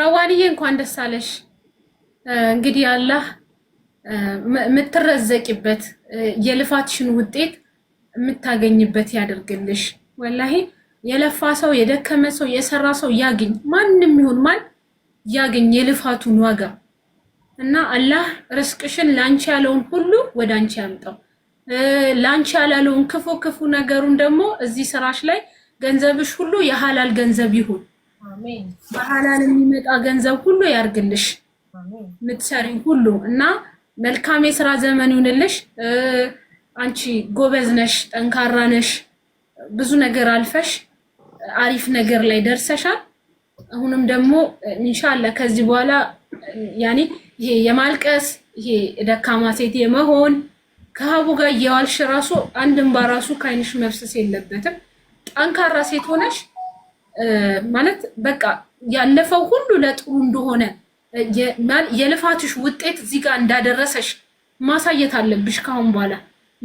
ረዋንዬ እንኳን ደስ አለሽ። እንግዲህ አላህ የምትረዘቂበት የልፋትሽን ውጤት የምታገኝበት ያደርግልሽ። ወላሂ የለፋ ሰው የደከመ ሰው የሰራ ሰው ያግኝ፣ ማንም ይሁን ማን ያግኝ የልፋቱን ዋጋ እና አላህ ርስቅሽን ላንቺ ያለውን ሁሉ ወደ አንቺ ያምጣው። ላንቺ ያላለውን ክፉ ክፉ ነገሩን ደግሞ እዚህ ስራሽ ላይ ገንዘብሽ ሁሉ የሀላል ገንዘብ ይሁን። በሐላል የሚመጣ ገንዘብ ሁሉ ያርግልሽ ምትሰሪን ሁሉ እና መልካም የስራ ዘመን ይሁንልሽ። አንቺ ጎበዝ ነሽ፣ ጠንካራ ነሽ። ብዙ ነገር አልፈሽ አሪፍ ነገር ላይ ደርሰሻል። አሁንም ደግሞ ኢንሻአላ ከዚህ በኋላ ያኔ ይሄ የማልቀስ ይሄ ደካማ ሴት የመሆን ከሀቡ ጋር እየዋልሽ ራሱ አንድም ባራሱ ከአይንሽ መፍሰስ የለበትም። ጠንካራ ሴት ሆነሽ ማለት በቃ ያለፈው ሁሉ ለጥሩ እንደሆነ የልፋትሽ ውጤት እዚህ ጋር እንዳደረሰሽ ማሳየት አለብሽ። ካሁን በኋላ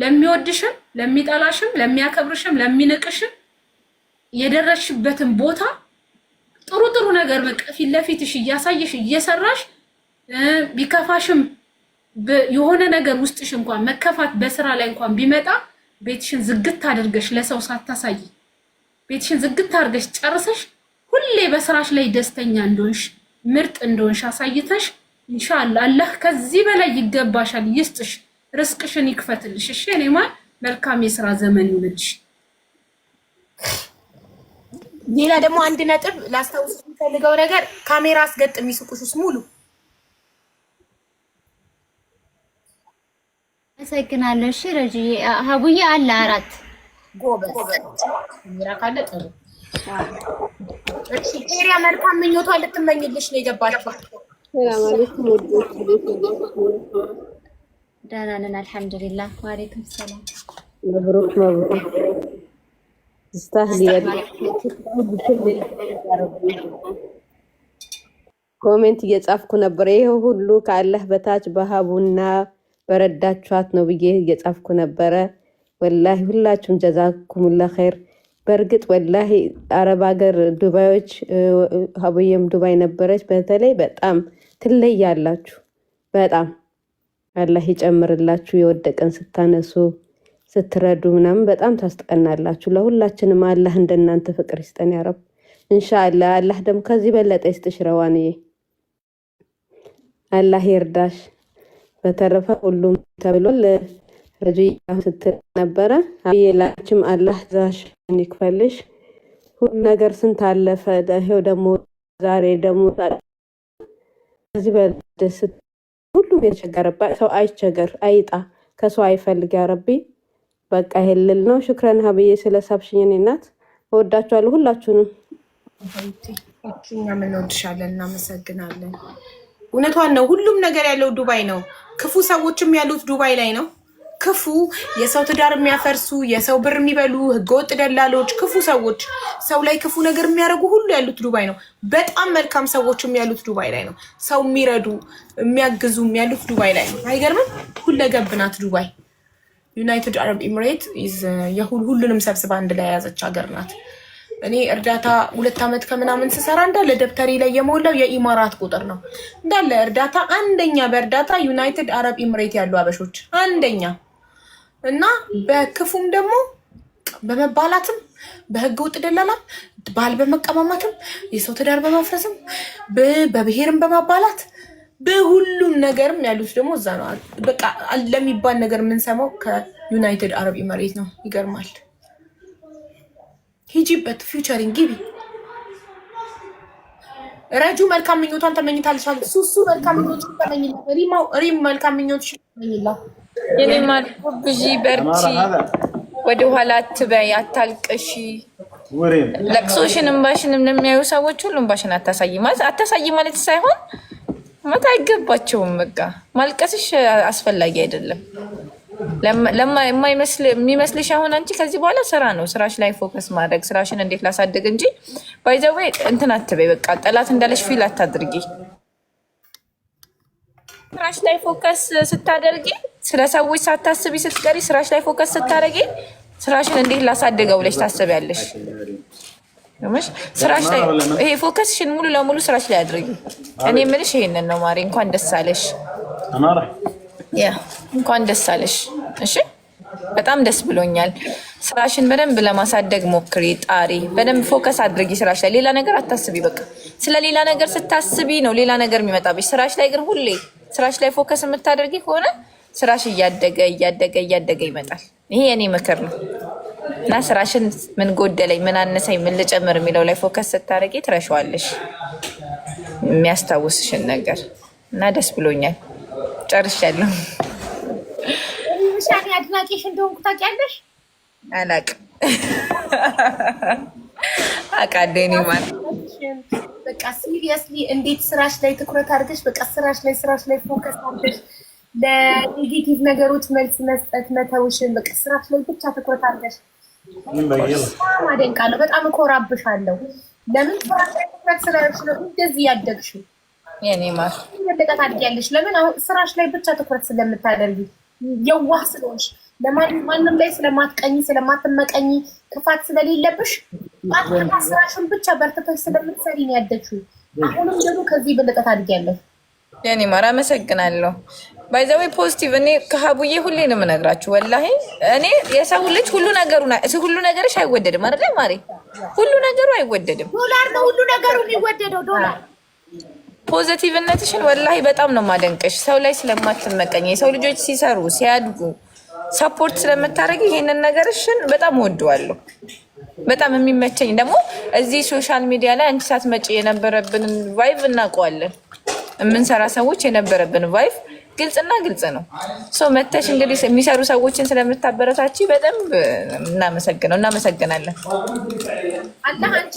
ለሚወድሽም፣ ለሚጠላሽም፣ ለሚያከብርሽም፣ ለሚንቅሽም የደረስሽበትን ቦታ ጥሩ ጥሩ ነገር በቃ ፊት ለፊትሽ እያሳየሽ እየሰራሽ ቢከፋሽም የሆነ ነገር ውስጥሽ እንኳን መከፋት በስራ ላይ እንኳን ቢመጣ ቤትሽን ዝግት አድርገሽ ለሰው ሳታሳይ ቤትሽን ዝግት አድርገሽ ጨርሰሽ ሁሌ በስራሽ ላይ ደስተኛ እንደሆንሽ ምርጥ እንደሆንሽ አሳይተሽ ኢንሻአላ አላህ ከዚህ በላይ ይገባሻል፣ ይስጥሽ፣ ርስቅሽን ይክፈትልሽ። እሺ እኔ እኔማ መልካም የስራ ዘመን ይመልሽ። ሌላ ደግሞ አንድ ነጥብ ላስታውስ የሚፈልገው ነገር ካሜራ አስገጥ የሚስቁሽስ ሙሉ አመሰግናለሁ። እሺ ረጅዬ ሀቡዬ አለ አራት ጎበዝ ሚራ ካለ ጥሩ። ሪያ መልካም ምኞቷ ልትመኝልሽ ነው የገባችው። ደህና ነን ዋሌይኩም ሰላም። መብሩክ መብሩክ። ኮሜንት እየጻፍኩ ነበር። ይህ ሁሉ ከአላህ በታች በሀቡና በረዳችኋት ነው ብዬ እየጻፍኩ ነበረ። ወላሂ ሁላችሁም ጀዛኩሙላ ኸይር በእርግጥ ወላሂ አረብ ሀገር ዱባዮች፣ ሀቡዬም ዱባይ ነበረች። በተለይ በጣም ትለያላችሁ። በጣም አላህ ይጨምርላችሁ። የወደቀን ስታነሱ ስትረዱ ምናምን በጣም ታስጠናላችሁ። ለሁላችንም አላህ እንደናንተ ፍቅር ይስጠን ያረብ። እንሻአላ አላህ ደግሞ ከዚህ በለጠ ይስጥሽ። ረዋንዬ አላህ ይርዳሽ። በተረፈ ሁሉም ተብሏል። በዱንያ ስትል ነበረ። ላችም አላህ ዛሽ ይክፈልሽ። ሁሉ ነገር ስንት አለፈ። ይሄው ደግሞ ዛሬ ደግሞ ከዚህ በደስ ሁሉም የተቸገረባት ሰው አይቸገር፣ አይጣ፣ ከሰው አይፈልግ። ያረቢ በቃ ይሄልል ነው። ሽክረን ሀብዬ ስለሳብሽኝን እናት እወዳችኋለሁ ሁላችሁንም። እኛም እንወድሻለን፣ እናመሰግናለን። እውነቷን ነው። ሁሉም ነገር ያለው ዱባይ ነው። ክፉ ሰዎችም ያሉት ዱባይ ላይ ነው። ክፉ የሰው ትዳር የሚያፈርሱ የሰው ብር የሚበሉ ህገወጥ ደላሎች፣ ክፉ ሰዎች፣ ሰው ላይ ክፉ ነገር የሚያደርጉ ሁሉ ያሉት ዱባይ ነው። በጣም መልካም ሰዎችም ያሉት ዱባይ ላይ ነው። ሰው የሚረዱ የሚያግዙ ያሉት ዱባይ ላይ ነው። አይገርምም? ሁለገብ ናት ዱባይ። ዩናይትድ አረብ ኤምሬት ሁሉንም ሰብስባ አንድ ላይ የያዘች ሀገር ናት። እኔ እርዳታ ሁለት ዓመት ከምናምን ስሰራ እንዳለ ደብተሪ ላይ የሞላው የኢማራት ቁጥር ነው። እንዳለ እርዳታ አንደኛ፣ በእርዳታ ዩናይትድ አረብ ኤምሬት ያሉ አበሾች አንደኛ እና በክፉም ደግሞ በመባላትም በህገ ወጥ ደላላም ባል በመቀማማትም የሰው ትዳር በማፍረስም በብሔርም በማባላት በሁሉም ነገርም ያሉት ደግሞ እዛ ነው። በቃ ለሚባል ነገር የምንሰማው ከዩናይትድ አረብ ኤምሬት ነው። ይገርማል። ሂጂበት ፊውቸሪንግ ግቢ። ረጁ መልካም ምኞቷን ተመኝታልሻል። ሱሱ መልካም ምኞት ተመኝላ። ሪም መልካም ምኞት ተመኝላ። የኔ ማርቆ ብዢ፣ በርቺ፣ ወደኋላ አትበይ፣ አታልቅሺ። ለቅሶሽን እንባሽንም ለሚያዩ ሰዎች ሁሉ እንባሽን አታሳይ ማለት አታሳይ ማለት ሳይሆን ማለት አይገባቸውም። በቃ ማልቀስሽ አስፈላጊ አይደለም። የሚመስልሽ አሁን አንቺ ከዚህ በኋላ ስራ ነው፣ ስራሽ ላይ ፎከስ ማድረግ ስራሽን እንዴት ላሳደግ እንጂ ባይዘዌ እንትን አትበይ። በቃ ጠላት እንዳለሽ ፊል አታድርጊ። ስራሽ ላይ ፎከስ ስታደርጊ ስለ ሰዎች ሳታስቢ ስትቀሪ ስራሽ ላይ ፎከስ ስታደርጊ ስራሽን እንዴት ላሳድገው ብለሽ ታስቢያለሽ። ስራሽ ላይ ይሄ ፎከስሽን ሙሉ ለሙሉ ስራሽ ላይ አድርጊ። እኔ የምልሽ ይሄንን ነው ማሬ። እንኳን ደስ አለሽ፣ እንኳን ደስ አለሽ። እሺ በጣም ደስ ብሎኛል። ስራሽን በደንብ ለማሳደግ ሞክሪ፣ ጣሪ። በደንብ ፎከስ አድርጊ ስራሽ ላይ። ሌላ ነገር አታስቢ። በቃ ስለ ሌላ ነገር ስታስቢ ነው ሌላ ነገር የሚመጣብሽ። ስራሽ ላይ ግን ሁሌ ስራሽ ላይ ፎከስ የምታደርጊ ከሆነ ስራሽ እያደገ እያደገ እያደገ ይመጣል። ይሄ የኔ ምክር ነው እና ስራሽን ምን ጎደለኝ፣ ምን አነሳኝ፣ ምን ልጨምር የሚለው ላይ ፎከስ ስታደርጊ ትረሸዋለሽ የሚያስታውስሽን ነገር እና ደስ ብሎኛል። ጨርሻለሁ። ምሳሌ አድናቂሽ እንደሆንኩ ታውቂያለሽ? አላቅም አቃደኒ ማለት በቃ ሲሪየስሊ እንዴት ስራሽ ላይ ትኩረት አድርገሽ በቃ ስራሽ ላይ ስራሽ ላይ ፎከስ አድርገሽ ለኔጌቲቭ ነገሮች መልስ መስጠት መተውሽን፣ በቃ ስራሽ ላይ ብቻ ትኩረት አለሽ። በጣም አደንቃለሁ። በጣም እኮራብሻለሁ። ለምን ስራሽ ነው እንደዚህ ያደግሽው? መለቀቅ አድርጊያለሽ። ለምን አሁን ስራሽ ላይ ብቻ ትኩረት ስለምታደርጊ የዋህ ስለሆንሽ ለማንም ላይ ስለማትቀኝ ስለማትመቀኝ ክፋት ስለሌለብሽ ስራሽን ብቻ በርትተሽ ስለምትሰሪ ነው ያደግሽው። አሁንም ደግሞ ከዚህ በለቀት አድርጊያለሽ። የኔ ማር አመሰግናለሁ። ባይዘዌ ፖዚቲቭ እኔ ከሀቡዬ ሁሌ ነው የምነግራችሁ። ወላሂ እኔ የሰው ልጅ ሁሉ ነገሩ ሁሉ ነገርሽ አይወደድም አይደለ ማሬ? ሁሉ ነገሩ አይወደድም። ዶላር ነው ሁሉ ነገሩ የሚወደደው ዶላር። ፖዘቲቭነትሽን ወላሂ በጣም ነው ማደንቀሽ። ሰው ላይ ስለማትመቀኝ የሰው ልጆች ሲሰሩ ሲያድጉ ሰፖርት ስለምታደርጊ ይሄንን ነገርሽን በጣም ወደዋለሁ። በጣም የሚመቸኝ ደግሞ እዚህ ሶሻል ሚዲያ ላይ አንቺ ሳትመጪ የነበረብን ቫይቭ እናውቀዋለን። የምንሰራ ሰዎች የነበረብን ቫይቭ ግልጽና ግልጽ ነው። ሶ መተሽ እንግዲህ የሚሰሩ ሰዎችን ስለምታበረታች በደንብ እናመሰግነው እናመሰግናለን። አላህ አንቺ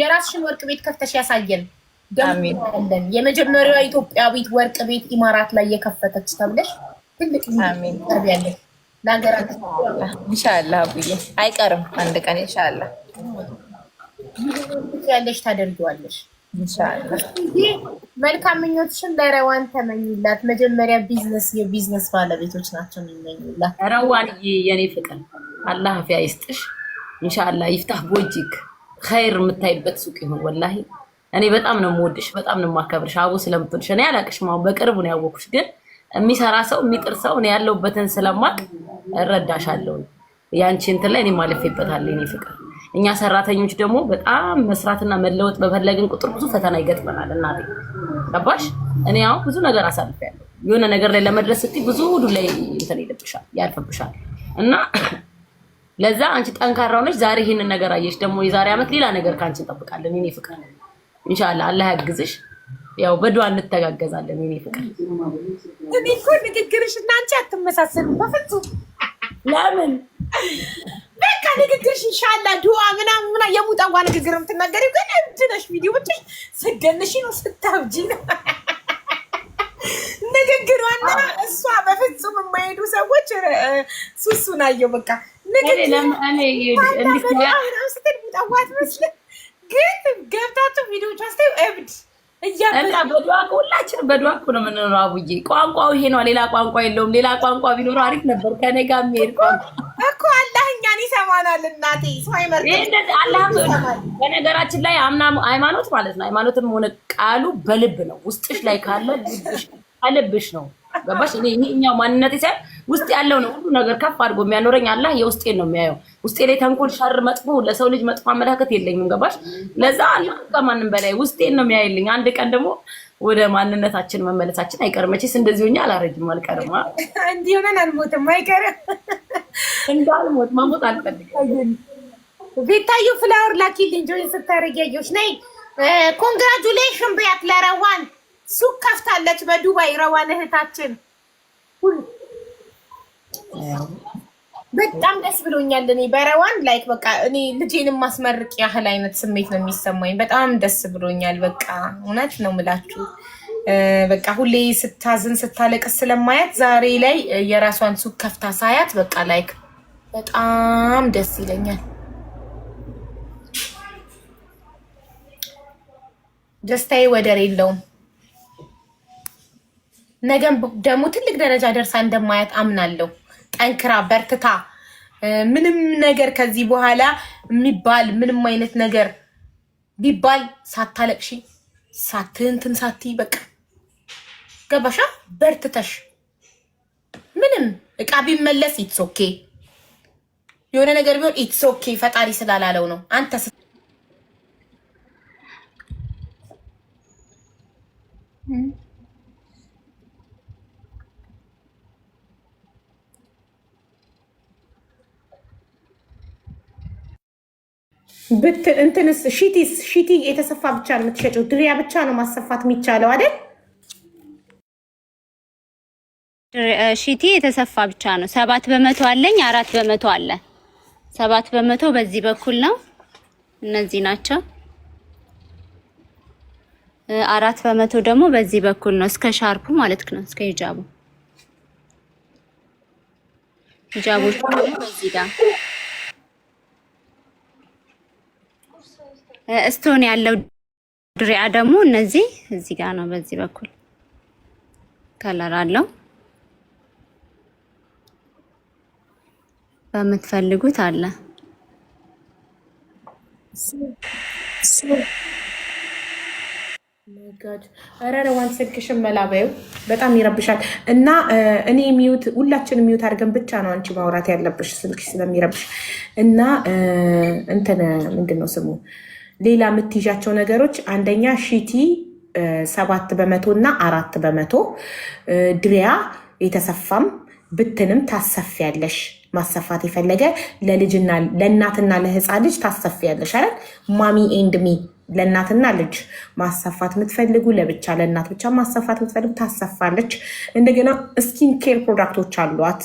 የራስሽን ወርቅ ቤት ከፍተሽ ያሳየን። አሚን። የመጀመሪያዋ ኢትዮጵያዊት ወርቅ ቤት ኢማራት ላይ የከፈተች ተብለሽ ትልቅ ያለሽ ለሀገራችን ኢንሻላህ ብዬ አይቀርም አንድ ቀን ኢንሻላህ ያለሽ ታደርጊዋለሽ። መልካም ምኞትሽን ለረዋን ተመኝላት። መጀመሪያ ቢዝነስ የቢዝነስ ባለቤቶች ናቸው የሚመኙላት። የኔ ፍቅር አላህ አፍያ ይስጥሽ። ይፍታህ ቦጂክ ኸይር የምታይበት ሱቅ ይሁን። ወላሂ እኔ በጣም ነው የምወድሽ፣ በጣም ነው የማከብርሽ። እኔ አላቅሽም፣ አሁን በቅርቡ ነው ግን የሚሰራ ሰው የሚጥር ሰው እኔ ያለሁበትን ስለማቅ እረዳሻለሁ። ያንቺ እንትን ላይ እኔ ማለፌበታለሁ የኔ ፍቅር እኛ ሰራተኞች ደግሞ በጣም መስራትና መለወጥ በፈለግን ቁጥር ብዙ ፈተና ይገጥመናል። እና ገባሽ? እኔ አሁን ብዙ ነገር አሳልፌያለሁ። የሆነ ነገር ላይ ለመድረስ ስትይ ብዙ ላይ እንትን ይልብሻል፣ ያልፍብሻል። እና ለዛ አንቺ ጠንካራ ሆነች ዛሬ ይህንን ነገር አየሽ። ደግሞ የዛሬ ዓመት ሌላ ነገር ከአንቺ እንጠብቃለን። ኔ ፍቅር እንሻላ አላህ ያግዝሽ። ያው በዱዓ እንተጋገዛለን። የኔ ፍቅር እኔ እኮ ንግግርሽ እና አንቺ አትመሳሰሉ በፍጹም ለምን በቃ ንግግርሽ ኢንሻላ ዱዓ ምናምን ምናምን የሙጣዋ ንግግር የምትናገሪው ግን እብድ ቪዲዮ ብቻ ስገንሽ ነው ስታብጂ ነው ንግግር እሷ በፍጹም የማይሄዱ ሰዎች ሱሱን አየው በቃ ንግግር ስትል ትመስል ግን ገብታችሁ ቪዲዮቿ ስታዩ እብድ ሁላችንም በድዋ እኮ ነው የምንኖረው። አቡዬ ቋንቋው ይሄ ነው፣ ሌላ ቋንቋ የለውም። ሌላ ቋንቋ ቢኖረው አሪፍ ነበር። ከኔ ጋር የሚሄድ እኮ አላህ እኛን ይሰማናል። እናቴ በነገራችን ላይ አምና ሃይማኖት ማለት ነው። ሃይማኖትም ሆነ ቃሉ በልብ ነው። ውስጥሽ ላይ ካለ ልብሽ ነው። ገባሽ? እኔ ይሄኛው ማንነት ይሳል ውስጥ ያለው ነው ሁሉ ነገር ከፍ አድርጎ የሚያኖረኝ አላህ የውስጤን ነው የሚያየው። ውስጤ ላይ ተንኮል፣ ሸር፣ መጥፎ ለሰው ልጅ መጥፎ አመለካከት የለኝም። ገባሽ? ለዛ አላህ ከማንም በላይ ውስጤን ነው የሚያየልኝ። አንድ ቀን ደግሞ ወደ ማንነታችን መመለሳችን አይቀርም። መቼስ እንደዚህ ሆኜ አላረጅም፣ አልቀርም። እንዲህ ሆነን አልሞትም፣ አይቀርም። እንዳልሞት መሞት አልፈልግም። ቤታዩ ፍላወር ላኪልኝ ጆይን ስታደርጊ ያየሁሽ ነይ። ኮንግራጁሌሽን ብያት ለረዋን ሱቅ ከፍታለች በዱባይ ረዋን እህታችን ሁሉ በጣም ደስ ብሎኛል። እኔ በረዋን ላይክ በቃ እኔ ልጄንም ማስመርቅ ያህል አይነት ስሜት ነው የሚሰማኝ። በጣም ደስ ብሎኛል። በቃ እውነት ነው ምላችሁ በቃ ሁሌ ስታዝን ስታለቅስ ስለማያት ዛሬ ላይ የራሷን ሱቅ ከፍታ ሳያት በቃ ላይክ በጣም ደስ ይለኛል። ደስታዬ ወደር የለውም። ነገም ደግሞ ትልቅ ደረጃ ደርሳ እንደማያት አምናለሁ። ጠንክራ በርትታ ምንም ነገር ከዚህ በኋላ የሚባል ምንም አይነት ነገር ቢባል ሳታለቅሺ ሳትንትን ሳቲ በቃ ገባሻ? በርትተሽ ምንም እቃ ቢመለስ ኢትስ ኦኬ፣ የሆነ ነገር ቢሆን ኢትስ ኦኬ። ፈጣሪ ስላላለው ነው። አንተ እንትንስ ሺቲስ ሺቲ የተሰፋ ብቻ ነው የምትሸጨው ድሪያ ብቻ ነው ማሰፋት የሚቻለው አይደል? ሺቲ የተሰፋ ብቻ ነው። ሰባት በመቶ አለኝ፣ አራት በመቶ አለ። ሰባት በመቶ በዚህ በኩል ነው። እነዚህ ናቸው። አራት በመቶ ደግሞ በዚህ በኩል ነው። እስከ ሻርፑ ማለት ነው፣ እስከ ሂጃቡ ሂጃቦቹ በዚህ ጋር ስቶን ያለው ድሪያ ደግሞ እነዚህ እዚህ ጋር ነው። በዚህ በኩል ከለር አለው። በምትፈልጉት አለ። ረረ ኧረ ዋን ስልክሽን መላበዩ በጣም ይረብሻል። እና እኔ ሚዩት ሁላችን ሚዩት አድርገን ብቻ ነው አንቺ ማውራት ያለብሽ ስልክ ስለሚረብሽ። እና እንትን ምንድን ነው ስሙ ሌላ የምትይዣቸው ነገሮች አንደኛ ሺቲ ሰባት በመቶ እና አራት በመቶ ድሪያ የተሰፋም ብትንም ታሰፊያለሽ። ማሰፋት የፈለገ ለልጅና ለእናትና ለህፃን ልጅ ታሰፊያለሽ አይደል? ማሚ ኤንድ ሚ ለእናትና ልጅ ማሰፋት የምትፈልጉ ለብቻ ለእናት ብቻ ማሰፋት የምትፈልጉ ታሰፋለች። እንደገና ስኪን ኬር ፕሮዳክቶች አሏት።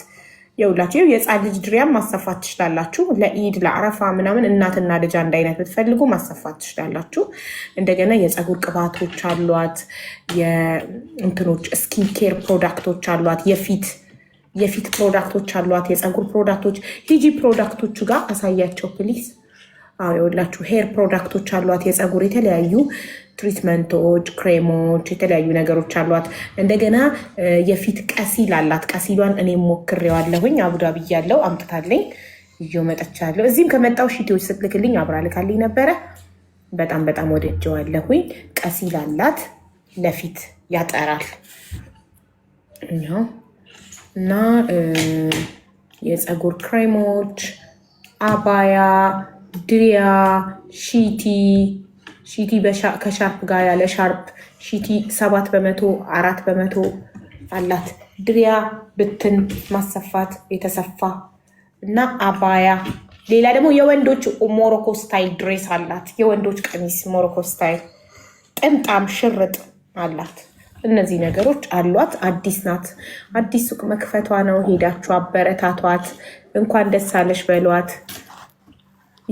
የሁላችሁ የህፃን ልጅ ድሪያም ማሰፋት ትችላላችሁ። ለኢድ ለአረፋ ምናምን እናትና ልጅ አንድ አይነት ብትፈልጉ ማሰፋት ትችላላችሁ። እንደገና የፀጉር ቅባቶች አሏት። የእንትኖች ስኪን ኬር ፕሮዳክቶች አሏት የፊት የፊት ፕሮዳክቶች አሏት፣ የፀጉር ፕሮዳክቶች ሂጂ ፕሮዳክቶቹ ጋር አሳያቸው ፕሊስ። አዎ የወላችሁ ሄር ፕሮዳክቶች አሏት፣ የፀጉር የተለያዩ ትሪትመንቶች፣ ክሬሞች፣ የተለያዩ ነገሮች አሏት። እንደገና የፊት ቀሲል አላት። ቀሲሏን እኔ ሞክሬዋለሁኝ አቡዳቢ ያለው አምጥታለኝ ይዤው መጥቻለሁ። እዚህም ከመጣው ሽቴዎች ስትልክልኝ አብራ ልካልኝ ነበረ። በጣም በጣም ወደጀዋለሁኝ። ቀሲል አላት፣ ለፊት ያጠራል። እና የፀጉር ክሬሞች፣ አባያ፣ ድሪያ፣ ሺቲ ሺቲ ከሻርፕ ጋር ያለ ሻርፕ ሺቲ ሰባት በመቶ አራት በመቶ አላት። ድሪያ ብትን ማሰፋት የተሰፋ እና አባያ። ሌላ ደግሞ የወንዶች ሞሮኮ ስታይል ድሬስ አላት። የወንዶች ቀሚስ ሞሮኮ ስታይል ጥምጣም ሽርጥ አላት። እነዚህ ነገሮች አሏት። አዲስ ናት። አዲስ ሱቅ መክፈቷ ነው። ሄዳችሁ አበረታቷት። እንኳን ደስ አለሽ በሏት።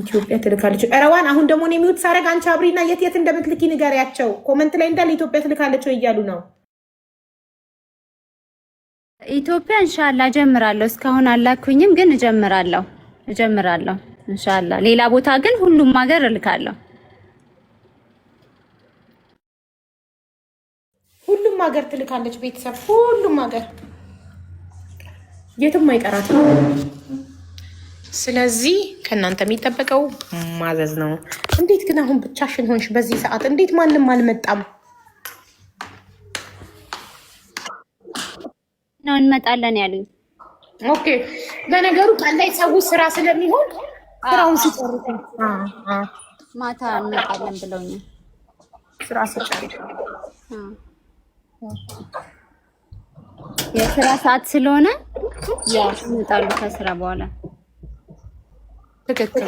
ኢትዮጵያ ትልካለች ቀረዋን አሁን ደግሞ እኔ የሚውት ሳረግ አንቺ አብሪና የት የት እንደምትልኪ ንገሪያቸው። ኮመንት ላይ እንዳለ ኢትዮጵያ ትልካለች እያሉ ነው። ኢትዮጵያ እንሻላ እጀምራለሁ። እስካሁን አላኩኝም፣ ግን እጀምራለሁ እጀምራለሁ እንሻላ። ሌላ ቦታ ግን ሁሉም ሀገር እልካለሁ። ሁሉም ሀገር ትልካለች። ቤተሰብ ሁሉም ሀገር የትም አይቀራት። ስለዚህ ከእናንተ የሚጠበቀው ማዘዝ ነው። እንዴት ግን አሁን ብቻሽን ሆንሽ? በዚህ ሰዓት እንዴት ማንም አልመጣም? ነው እንመጣለን ያሉኝ። ኦኬ በነገሩ ቀን ላይ ሰው ስራ ስለሚሆን ስራውን ሲጨርሱ ማታ እንመጣለን ብለውኛል። ስራ ሲጨርሱ የስራ ሰዓት ስለሆነ ያው ይመጣሉ ከስራ በኋላ። ትክክል።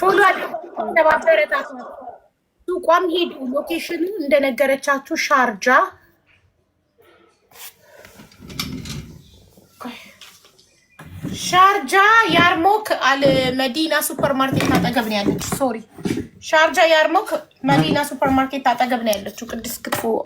ፎሎ ሱቋም ሄዱ። ሎኬሽኑ እንደነገረቻችሁ ሻርጃ ሻርጃ ያርሞክ አለ አልመዲና ሱፐርማርኬት አጠገብ ነው ያለች። ሶሪ ሻርጃ ያርመው መዲና ሱፐርማርኬት አጠገብ ነው ያለችው ቅድስት ክትፎ